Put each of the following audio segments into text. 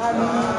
아멘.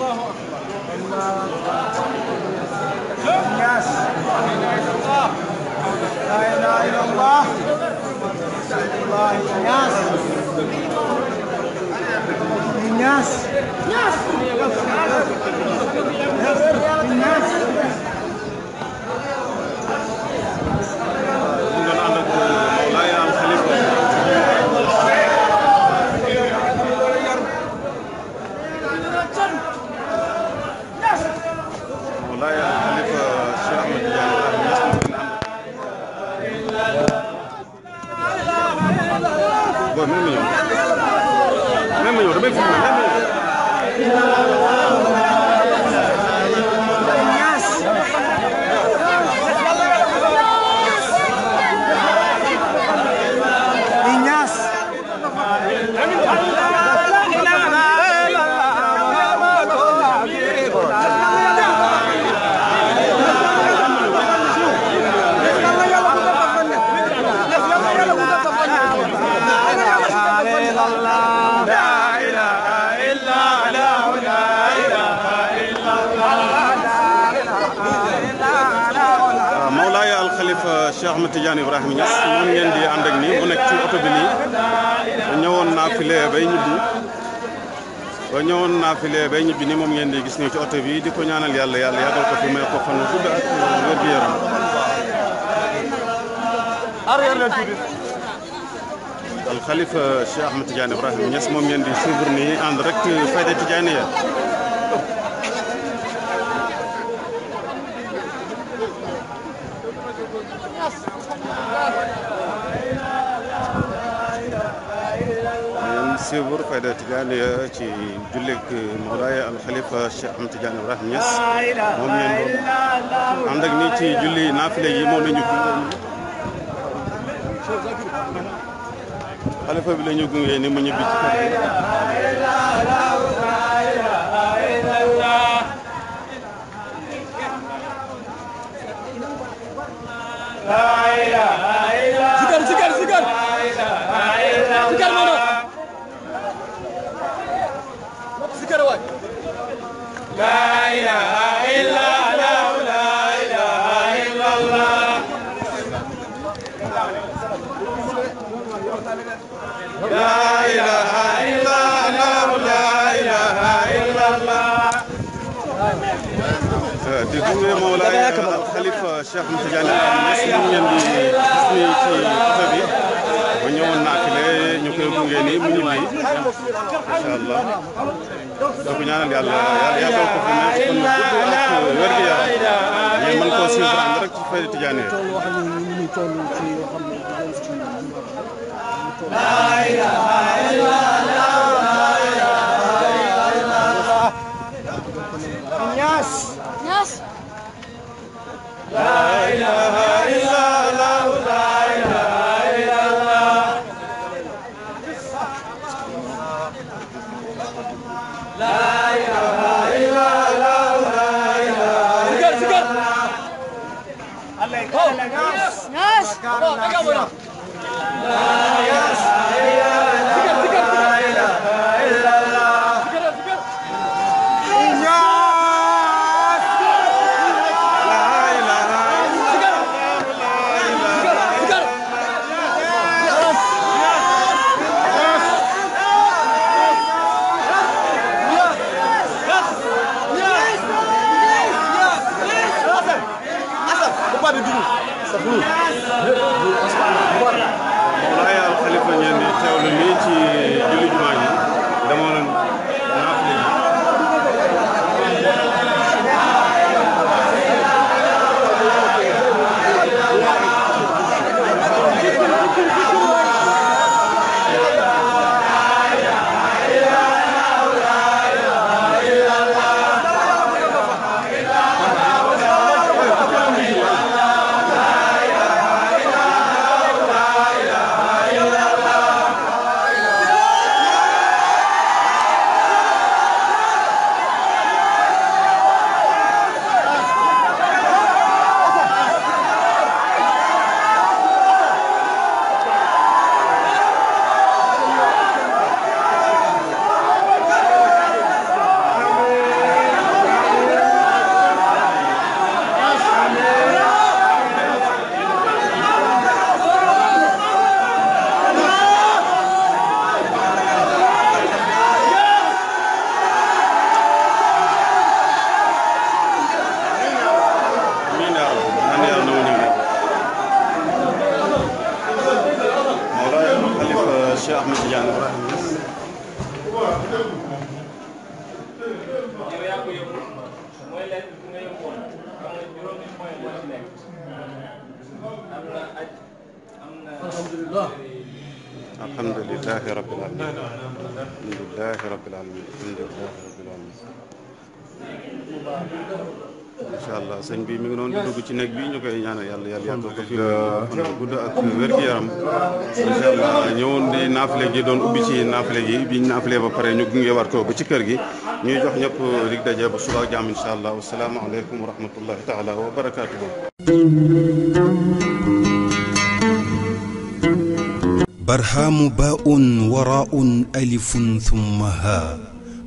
الناس لا اله الا الله الله الناس الناس الناس Cheikh Ahmed Tidiane ibrahim Niass ñoom ngeen di ànd ak nii mu nekk ci oto bi nii ñëwoon naa file bay ñibbi ba ñëwoon naa file bay ñibbi nii moom ngeen di gis nii ci oto bi di ko ñaanal yàlla yàlla yàggal ko fi may ko fan gudd ak wér gu yaram al xalifa Cheikh Ahmed Tidiane Ibrahima Niass moom ngeen di suivre nii en direct Fayda Tidiane ya suivre Fayda Tidiane ya, ci julik Mawlaay al Khalifa Cheikh Ahmed Tidiane ibrahim Niass mom leen do ànd ak ni ci julli nafile yi mo la ñu gunge xalifa bi la ñu gunge ni mu ñibi ci kër La ilaha Yeah. مولاي الخليفه الشيخ منتج المسلم ngeen di gis ni ci xew bi ba ñëwoon naa fi lee ñu koy gunge nii mu ñibbi incha allah donc ñaanal yàlla yàggal ko fi ne ci kon gudd ak wér gi yaram ñu mën koo suivre ànd rek ci fay tijaane La ilaha illallah Oh, ¡Gas! ¡Gas! ¡Venga, venga, combat bi dugg sa bulu waaye alxalifa ngeen di teewlu nii ci julli jumaa ji dama alhamdulilahi rabbil alamin alhamdulilahi rabbil alamin alhamdulilahi rabbil alamin incha allah sëñ bi mi ngi noonu di dugg ci nekk bi ñu koy ñaanal yàlla yàlla yàggal ko fi uh, gudd ak wér-gu-yaram incha allah ñëwoon di naafale gi doon ubbi ci naafale gi bi ñu naafalee ba pare ñu gunge war ko ba ci kër gi ñuy jox ñëpp rig daje ba suba ak jàmm incha allah wasalaamualeykum wa rahmatullahi taala wa barakaatuhu barhaamu baa'un waraa'un alifun thumma haa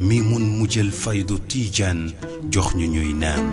mi mun mujjal faydu tiijaan jox ñu ñuy naan